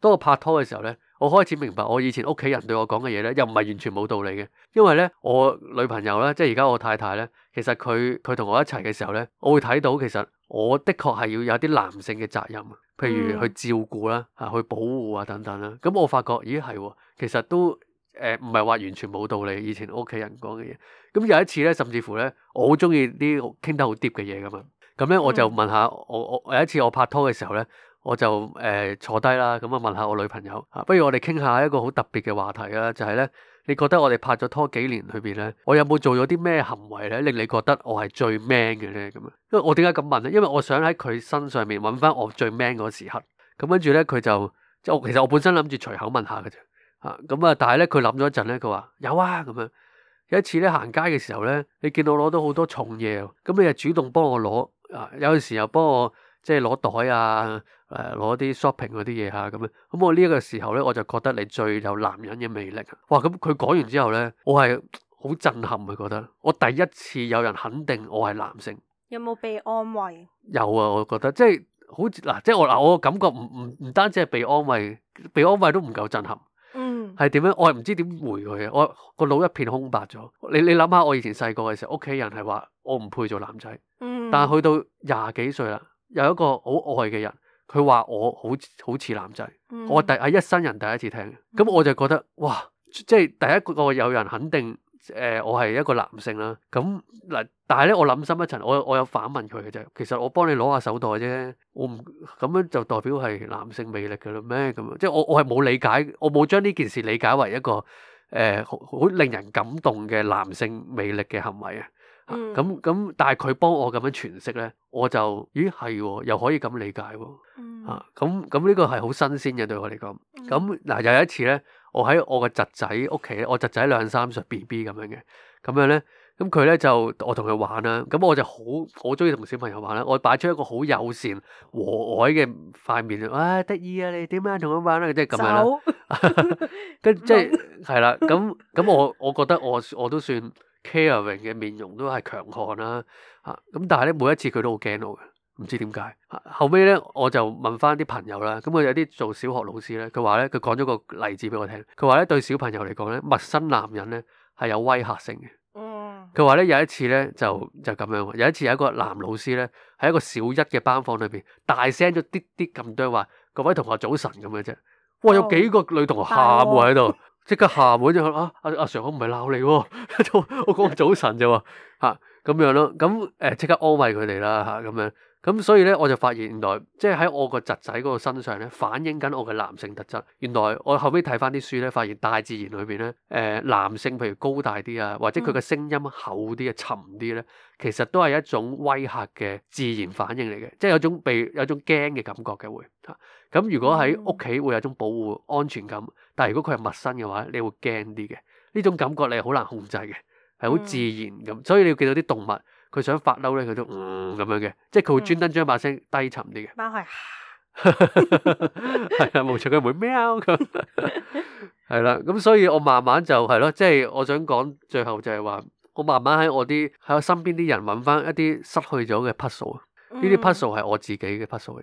當我拍拖嘅時候咧。我開始明白，我以前屋企人對我講嘅嘢咧，又唔係完全冇道理嘅。因為咧，我女朋友咧，即係而家我太太咧，其實佢佢同我一齊嘅時候咧，我會睇到其實我的確係要有啲男性嘅責任，譬如去照顧啦，嚇去保護啊等等啦。咁、嗯、我發覺，咦係喎，其實都誒唔係話完全冇道理。以前屋企人講嘅嘢，咁有一次咧，甚至乎咧，我好中意啲傾得好 deep 嘅嘢噶嘛。咁咧我就問下我我有一次我拍拖嘅時候咧。我就誒、呃、坐低啦，咁啊問下我女朋友嚇，不如我哋傾下一個好特別嘅話題啦，就係、是、咧，你覺得我哋拍咗拖幾年裏邊咧，我有冇做咗啲咩行為咧，令你覺得我係最 man 嘅咧咁樣？因為我點解咁問咧？因為我想喺佢身上面揾翻我最 man 嗰時刻。咁跟住咧，佢就即係我其實我本身諗住隨口問下嘅啫嚇，咁啊，但係咧佢諗咗一陣咧，佢話有啊咁樣。有一次咧行街嘅時候咧，你見到我攞到好多重嘢，咁你就主動幫我攞啊，有陣時候又幫我即係攞袋啊。誒攞啲、啊、shopping 嗰啲嘢吓咁樣咁樣，我呢一個時候呢，我就覺得你最有男人嘅魅力哇！咁佢講完之後呢，我係好震撼，覺得我第一次有人肯定我係男性，有冇被安慰？有啊，我覺得即係好嗱，即係、啊、我嗱，我感覺唔唔唔單止係被安慰，被安慰都唔夠震撼。嗯，係點樣？我係唔知點回佢嘅，我個腦一片空白咗。你你諗下，我以前細個嘅時候，屋企人係話我唔配做男仔，嗯、但係去到廿幾歲啦，有一個好愛嘅人。佢話我好好似男仔，嗯、我第係一生人第一次聽，咁、嗯、我就覺得哇，即係第一個有人肯定誒、呃、我係一個男性啦。咁嗱，但係咧我諗深一層，我我有反問佢嘅啫。其實我幫你攞下手袋啫，我唔咁樣就代表係男性魅力嘅嘞咩？咁即係我我係冇理解，我冇將呢件事理解為一個誒好、呃、令人感動嘅男性魅力嘅行為啊。咁咁，嗯、但係佢幫我咁樣詮釋咧，我就咦係喎，又可以咁理解喎。嗯、啊，咁咁呢個係好新鮮嘅對我嚟講。咁嗱，有一次咧，我喺我個侄仔屋企，我侄仔兩三歲 BB 咁樣嘅，咁樣咧，咁佢咧就我同佢玩啦。咁我就好，我中意同小朋友玩啦。我擺出一個好友善和藹嘅塊面，啊得意啊，你點樣，同佢玩啦，即係咁樣啦。跟即係係啦，咁咁我我覺得我我都算。Caring 嘅面容都係強悍啦，啊，嚇咁但係咧每一次佢都好驚我嘅，唔知點解。後尾咧我就問翻啲朋友啦，咁佢有啲做小學老師咧，佢話咧佢講咗個例子俾我聽，佢話咧對小朋友嚟講咧，陌生男人咧係有威嚇性嘅。佢話咧有一次咧就就咁樣，有一次有一個男老師咧喺一個小一嘅班房裏邊大聲咗啲啲咁多，話各位同學早晨咁嘅啫。哇！有幾個女同學喊喎喺度。哦 即刻下門就話啊，阿阿常我唔係鬧你喎、啊 我講個早晨咋喎，吓咁樣咯，咁誒即刻安慰佢哋啦吓咁樣、啊，咁、啊 嗯、所以咧我就發現原來即係喺我個侄仔嗰個身上咧，反映緊我嘅男性特質。原來我後尾睇翻啲書咧，發現大自然裏邊咧，誒男性譬如高大啲啊，或者佢嘅聲音厚啲、沉啲咧，其實都係一種威吓嘅自然反應嚟嘅、嗯，即係、嗯、有種被有種驚嘅感覺嘅會吓。咁如果喺屋企會有種保護安全感。但係如果佢係陌生嘅話，你會驚啲嘅，呢種感覺你係好難控制嘅，係好自然咁，嗯、所以你要見到啲動物，佢想發嬲咧，佢都嗯咁樣嘅，即係佢會專登將把聲低沉啲嘅。貓係啊，係啊，冇錯，佢會喵咁， 係啦，咁所以我慢慢就係咯，即係、就係、我想講最後就係話，我慢慢喺我啲喺我身邊啲人揾翻一啲失去咗嘅 puzzle，呢啲 puzzle 係我自己嘅 puzzle 嘅，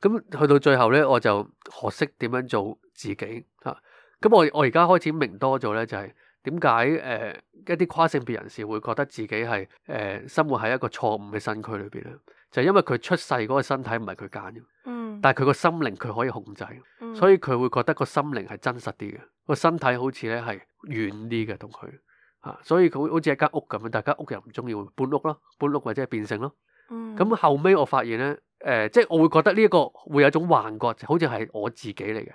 咁去到最後咧，我就學識點樣做自己吓。啊咁我我而家開始明多咗咧，就係點解誒一啲跨性別人士會覺得自己係誒生活喺一個錯誤嘅身軀裏邊咧？就係、因為佢出世嗰個身體唔係佢揀嘅，嗯、但係佢個心靈佢可以控制，嗯、所以佢會覺得個心靈係真實啲嘅，個身體好似咧係遠啲嘅同佢嚇，所以佢好似一間屋咁樣，大家屋又唔中意搬屋咯，搬屋或者係變性咯。咁、嗯、後尾我發現咧誒，即、呃、係、就係、我會覺得呢一個會有一種幻覺，好似係我自己嚟嘅。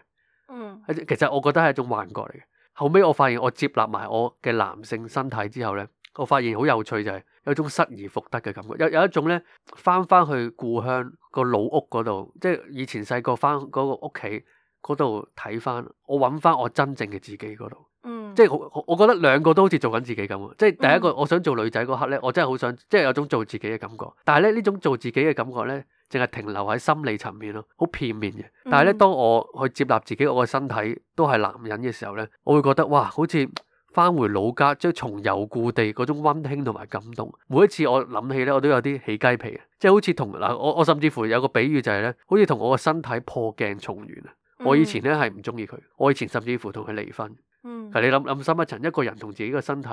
嗯，其實我覺得係一種幻覺嚟嘅。後尾我發現我接納埋我嘅男性身體之後呢，我發現好有趣就係有種失而復得嘅感覺，有有一種呢，翻翻去故鄉個老屋嗰度，即係以前細個翻嗰個屋企嗰度睇翻，我揾翻我真正嘅自己嗰度。嗯，即係我我覺得兩個都好似做緊自己咁，即係第一個我想做女仔嗰刻呢，我真係好想即係有種做自己嘅感覺，但係咧呢種做自己嘅感覺呢。淨係停留喺心理層面咯，好片面嘅。但係咧，嗯、當我去接納自己，我嘅身體都係男人嘅時候呢，我會覺得哇，好似翻回、回老家，即係重遊故地嗰種溫馨同埋感動。每一次我諗起呢，我都有啲起雞皮嘅，即係好似同嗱，我我甚至乎有個比喻就係呢：「好似同我嘅身體破鏡重圓啊！」嗯、我以前呢，係唔中意佢，我以前甚至乎同佢離婚。嗯、但你諗諗深一層，一個人同自己嘅身體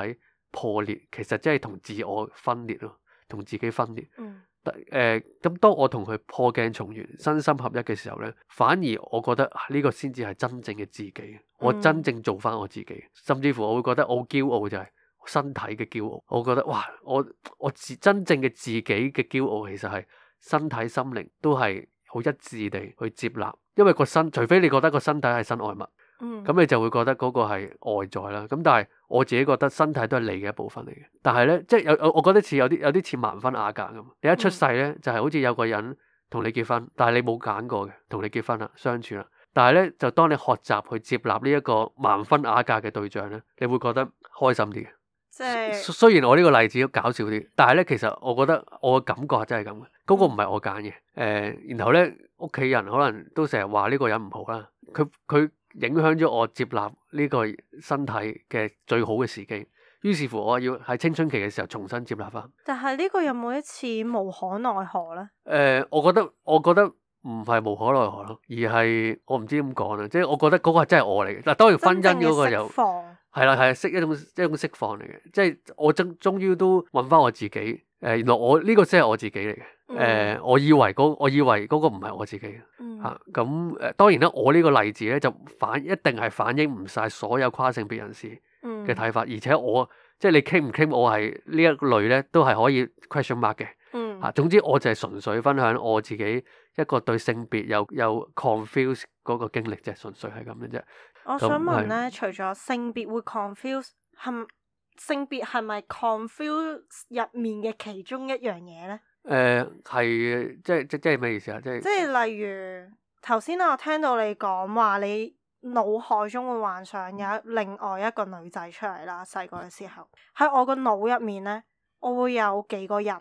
破裂，其實真係同自我分裂咯，同自己分裂。嗯誒咁、呃，當我同佢破鏡重圓，身心合一嘅時候呢，反而我覺得呢、啊，呢個先至係真正嘅自己，我真正做翻我自己，甚至乎我會覺得我好驕傲，就係身體嘅驕傲，我覺得哇，我我自真正嘅自己嘅驕傲其實係身體、心靈都係好一致地去接納，因為個身，除非你覺得個身體係身外物。咁你就會覺得嗰個係外在啦。咁但係我自己覺得身體都係你嘅一部分嚟嘅。但係呢，即係有我覺得似有啲有啲似盲婚啞嫁咁。你一出世呢，就係、是、好似有個人同你結婚，但係你冇揀過嘅，同你結婚啦、相處啦。但係呢，就當你學習去接納呢一個盲婚啞嫁嘅對象呢，你會覺得開心啲嘅。即係、就是、雖然我呢個例子搞笑啲，但係呢，其實我覺得我嘅感覺係真係咁嘅。嗰、那個唔係我揀嘅，誒、呃，然後呢，屋企人可能都成日話呢個人唔好啦，佢佢。影響咗我接納呢個身體嘅最好嘅時機，於是乎我要喺青春期嘅時候重新接納返。但係呢個有冇一次無可奈何呢？誒，我覺得我覺得唔係無可奈何咯，而係我唔知點講啦，即係我覺得嗰個真係我嚟嘅。嗱，當然婚姻嗰個又係啦，係啊，釋一種一種釋放嚟嘅，即係我終終於都搵返我自己。誒、呃、原來我呢、這個先係我自己嚟嘅，誒、嗯呃、我以為嗰我以為嗰個唔係我自己嚇，咁誒、嗯啊、當然啦，我呢個例子咧就反一定係反映唔晒所有跨性別人士嘅睇法。嗯、而且我即係你傾唔傾我係呢一類咧，都係可以 question mark 嘅嚇、嗯啊。總之我就係純粹分享我自己一個對性別有有 confuse 嗰個經歷啫，純粹係咁嘅啫。我想問咧，不除咗性別會 confuse 係性別係咪 confuse 入面嘅其中一樣嘢呢？誒、呃，係，即係即係咩意思啊？即係例如頭先我聽到你講話，你腦海中會幻想有另外一個女仔出嚟。啦細個嘅時候喺、嗯、我個腦入面呢，我會有幾個人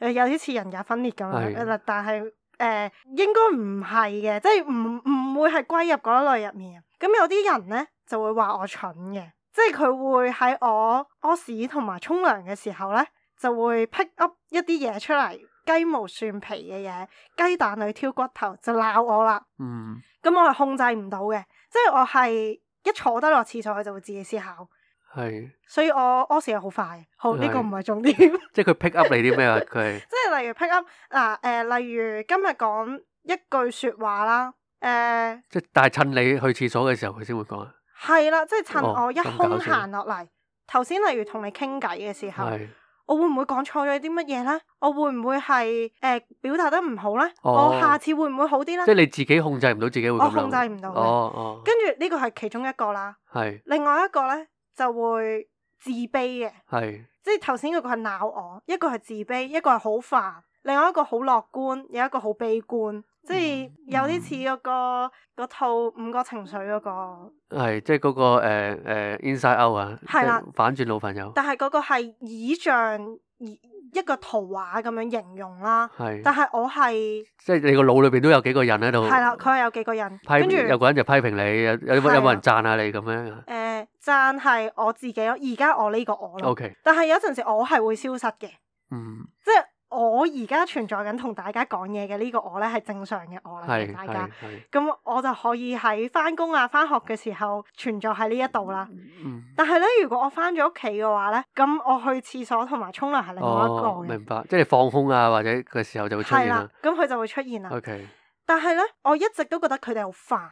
嘅，有啲似人格分裂咁樣、嗯、但係誒、呃，應該唔係嘅，即係唔唔會係歸入嗰一類入面。咁有啲人呢，就會話我蠢嘅。即係佢會喺我屙屎同埋沖涼嘅時候呢，就會 pick up 一啲嘢出嚟，雞毛蒜皮嘅嘢，雞蛋裏挑骨頭就鬧我啦。嗯。咁我係控制唔到嘅，即係我係一坐得落廁所，佢就會自己思考。係是。所以我屙屎係好快。好，呢是個唔係重點。即係佢 pick up 你啲咩啊？佢。 即係例如 pick up 嗱、呃、誒、呃，例如今日講一句說話啦，誒、呃。即係但係趁你去廁所嘅時候，佢先會講啊。係啦，即係趁我一空閒落嚟，頭先、哦、例如同你傾偈嘅時候，的我會唔會講錯咗啲乜嘢呢？我會唔會係誒、呃、表達得唔好呢？哦、我下次會唔會好啲呢？即係你自己控制唔到自己會。我控制唔到嘅。哦哦、跟住，呢個係其中一個啦。的另外一個呢就會自卑嘅。係的。即係頭先一個係鬧我，一個係自卑，一個係好煩，另外一個好樂觀，有一個好悲觀。即係有啲似嗰套五個情緒嗰個，即係嗰個誒 Inside Out 啊，係啦，反轉老朋友。但係嗰個係以像一個圖畫咁樣形容啦，係。但係我係即係你個腦裏邊都有幾個人喺度，係啦，佢係有幾個人，跟住有個人就批評你，有有冇人讚下你咁樣？誒，讚係我自己咯，而家我呢個我啦。OK。但係有陣時我係會消失嘅，嗯，即係。我而家存在緊同大家講嘢嘅呢個我呢，係正常嘅我啦，大家。咁我就可以喺翻工啊、翻學嘅時候存在喺呢一度啦。嗯、但係呢，如果我翻咗屋企嘅話呢，咁我去廁所同埋沖涼係另外一個嘅、哦、明白，即係放空啊，或者個時候就會出現啦。咁佢就會出現啦。OK。但係呢，我一直都覺得佢哋好煩。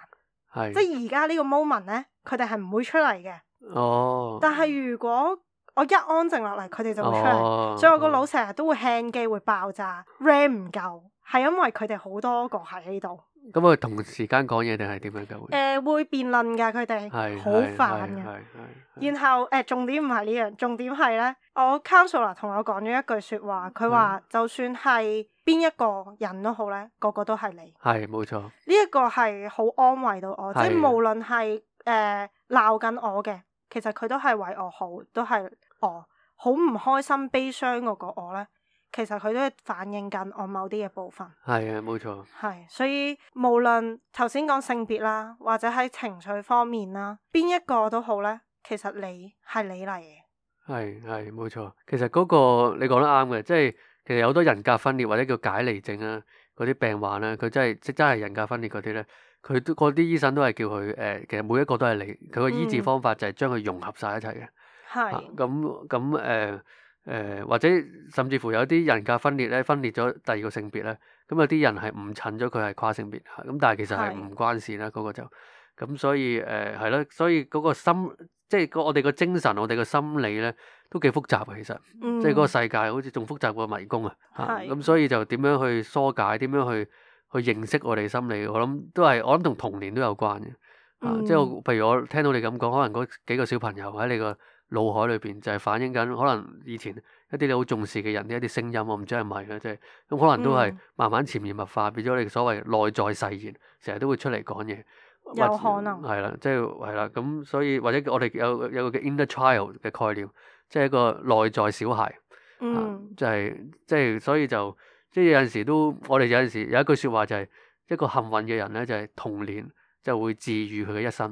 是即係而家呢個 moment 呢，佢哋係唔會出嚟嘅。哦。但係如果，我一安靜落嚟，佢哋就會出嚟，哦、所以我個腦成日都會 hang 機會爆炸，Ram 唔、哦、夠，係因為佢哋好多個喺呢度。咁佢同時間講嘢定係點樣嘅？會誒、呃、會辯論㗎，佢哋好煩嘅。然後誒、呃、重點唔係呢樣，重點係咧，我 counselor 同我講咗一句説話，佢話就算係邊一個人都好咧，個個都係你。係冇錯。呢一個係好安慰到我，的即係無論係誒鬧緊我嘅。其實佢都係為我好，都係我好唔開心、悲傷嗰個我呢。其實佢都係反映緊我某啲嘅部分。係啊，冇錯。係，所以無論頭先講性別啦，或者喺情緒方面啦，邊一個都好呢。其實你係你嚟嘅。係係冇錯，其實嗰個你講得啱嘅，即係其實好多人格分裂或者叫解離症啊嗰啲病患啦，佢真係即真係人格分裂嗰啲呢。佢啲醫生都係叫佢誒，其實每一個都係你，佢個醫治方法就係將佢融合晒一齊嘅。係、嗯。咁咁誒誒，或者甚至乎有啲人格分裂咧，分裂咗第二個性別咧，咁、嗯、有啲人係誤診咗佢係跨性別，咁、嗯、但係其實係唔關事啦，嗰是個就咁所以誒係咯，所以嗰、嗯、個心即係個我哋個精神，我哋個心理咧都幾複雜嘅其實，即係嗰個世界好似仲複雜過迷宮啊。係、嗯。咁是、嗯、所以就點樣去疏解，點樣去？去認識我哋心理，我諗都係，我諗同童年都有關嘅，嗯、啊，即係譬如我聽到你咁講，可能嗰幾個小朋友喺你個腦海裏邊就係反映緊，可能以前一啲你好重視嘅人嘅一啲聲音，我唔知係唔係嘅，即係咁，可能都係慢慢潛移默化，變咗你所謂內在誓言，成日都會出嚟講嘢，有可能，係、嗯、啦，即係係啦，咁所以，所以或者我哋有有個叫 inner child 嘅概念，即、就、係、是、一個內在小孩，嗯、啊，就即、是、係所以就。即係有陣時都，我哋有陣時有一句説話就係、是、一個幸運嘅人咧，就係、是、童年就會治愈佢嘅一生；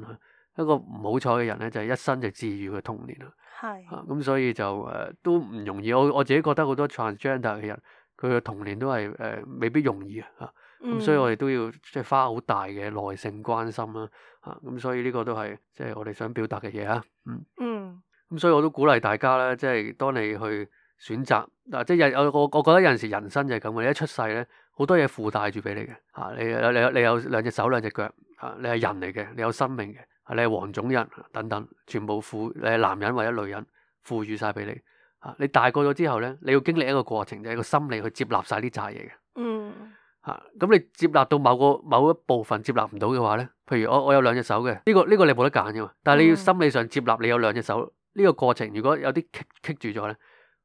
一個唔好彩嘅人咧，就係、是、一生就治愈佢童年啦。係是。咁、啊嗯、所以就誒、呃、都唔容易，我我自己覺得好多 transgender 嘅人，佢嘅童年都係誒、呃、未必容易啊。咁、嗯嗯啊嗯、所以我哋都要即係花好大嘅耐性關心啦。嚇咁所以呢個都係即係我哋想表達嘅嘢啊。嗯。就是啊、嗯。咁、嗯嗯嗯、所以我都鼓勵大家咧，即係當你去。選擇嗱，即、就、係、是、我我我覺得有陣時人生就係咁嘅。你一出世咧，好多嘢附帶住俾你嘅嚇、啊。你你你有兩隻手兩隻腳嚇、啊，你係人嚟嘅，你有生命嘅、啊，你係黃種人等等，全部附你係男人或者女人附住晒俾你嚇、啊。你大個咗之後咧，你要經歷一個過程，就係個心理去接納晒啲債嘢嘅。嗯嚇、啊，咁、啊、你接納到某個某一部分接納唔到嘅話咧，譬如我我有兩隻手嘅呢、這個呢、這個你冇得揀嘅嘛，但係你要心理上接納你有兩隻手呢、這個過程，如果有啲棘棘住咗咧。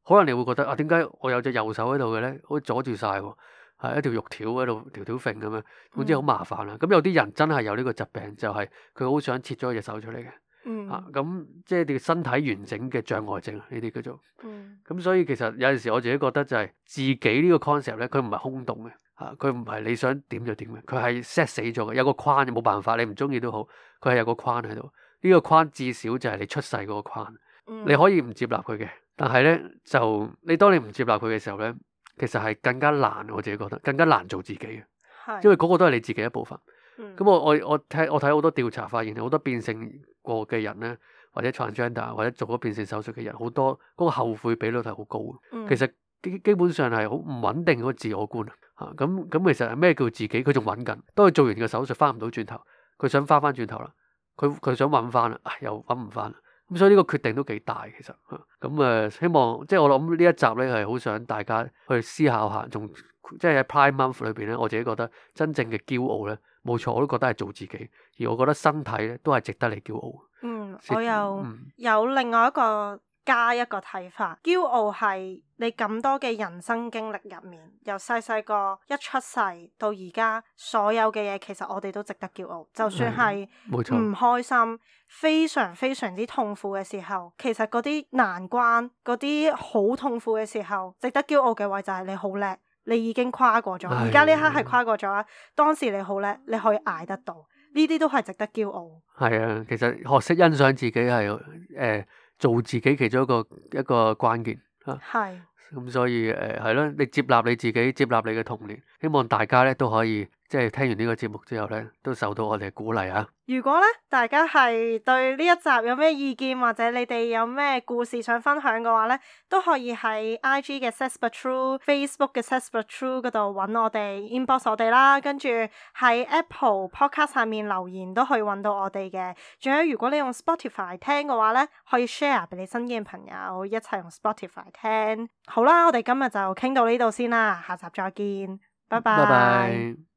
可能你會覺得啊，點解我有隻右手喺度嘅咧？好似阻住晒喎，係一條肉條喺度條條揈咁樣，總之好麻煩啦。咁、嗯、有啲人真係有呢個疾病，就係佢好想切咗隻手出嚟嘅。嗯。嚇、啊，咁即係你身體完整嘅障礙症呢啲叫做。嗯。咁所以其實有陣時我自己覺得就係、是、自己個呢個 concept 咧，佢唔係空洞嘅嚇，佢唔係你想點就點嘅，佢係 set 死咗嘅，有個框冇辦法，你唔中意都好，佢係有個框喺度。呢、這個框至少就係你出世嗰個框，你可以唔接納佢嘅。嗯但係咧，就你當你唔接納佢嘅時候咧，其實係更加難，我自己覺得更加難做自己嘅。係，因為嗰個都係你自己一部分。咁的我我我睇我睇好多調查，發現好多變性過嘅人咧，或者 transgender 或者做咗變性手術嘅人，好多嗰個後悔比率係好高的其實基基本上係好唔穩定嗰個自我觀啊。吓，咁咁其實係咩叫自己？佢仲揾緊，當佢做完個手術翻唔到轉頭，佢想翻翻轉頭啦，佢佢想揾翻啦，又揾唔翻啦。咁所以呢個決定都幾大，其實吓，咁、嗯、誒，希望即係我諗呢一集呢係好想大家去思考下，從即係喺 Prime Month 裏邊呢，我自己覺得真正嘅驕傲呢，冇錯，我都覺得係做自己，而我覺得身體咧都係值得你驕傲。嗯，我又有另外一個。加一個睇法，驕傲係你咁多嘅人生經歷入面，由細細個一出世到而家，所有嘅嘢其實我哋都值得驕傲。就算係唔開心、冇錯，非常非常之痛苦嘅時候，其實嗰啲難關、嗰啲好痛苦嘅時候，值得驕傲嘅位就係你好叻，你已經跨過咗。而家呢刻係跨過咗，當時你好叻，你可以捱得到，呢啲都係值得驕傲。係啊，其實學識欣賞自己係誒，呃做自己其中一個一個關鍵吓，咁是、啊、所以誒係咯，你接納你自己，接納你嘅童年，希望大家咧都可以。即係聽完呢個節目之後咧，都受到我哋嘅鼓勵啊！如果咧，大家係對呢一集有咩意見，或者你哋有咩故事想分享嘅話咧，都可以喺 IG 嘅 Sespa True、Facebook 嘅 Sespa True 嗰度揾我哋 inbox 我哋啦。跟住喺 Apple Podcast 下面留言都可以揾到我哋嘅。仲有如果你用 Spotify 聽嘅話咧，可以 share 俾你身邊嘅朋友一齊用 Spotify 聽。好啦，我哋今日就傾到呢度先啦，下集再見，拜拜。Bye bye.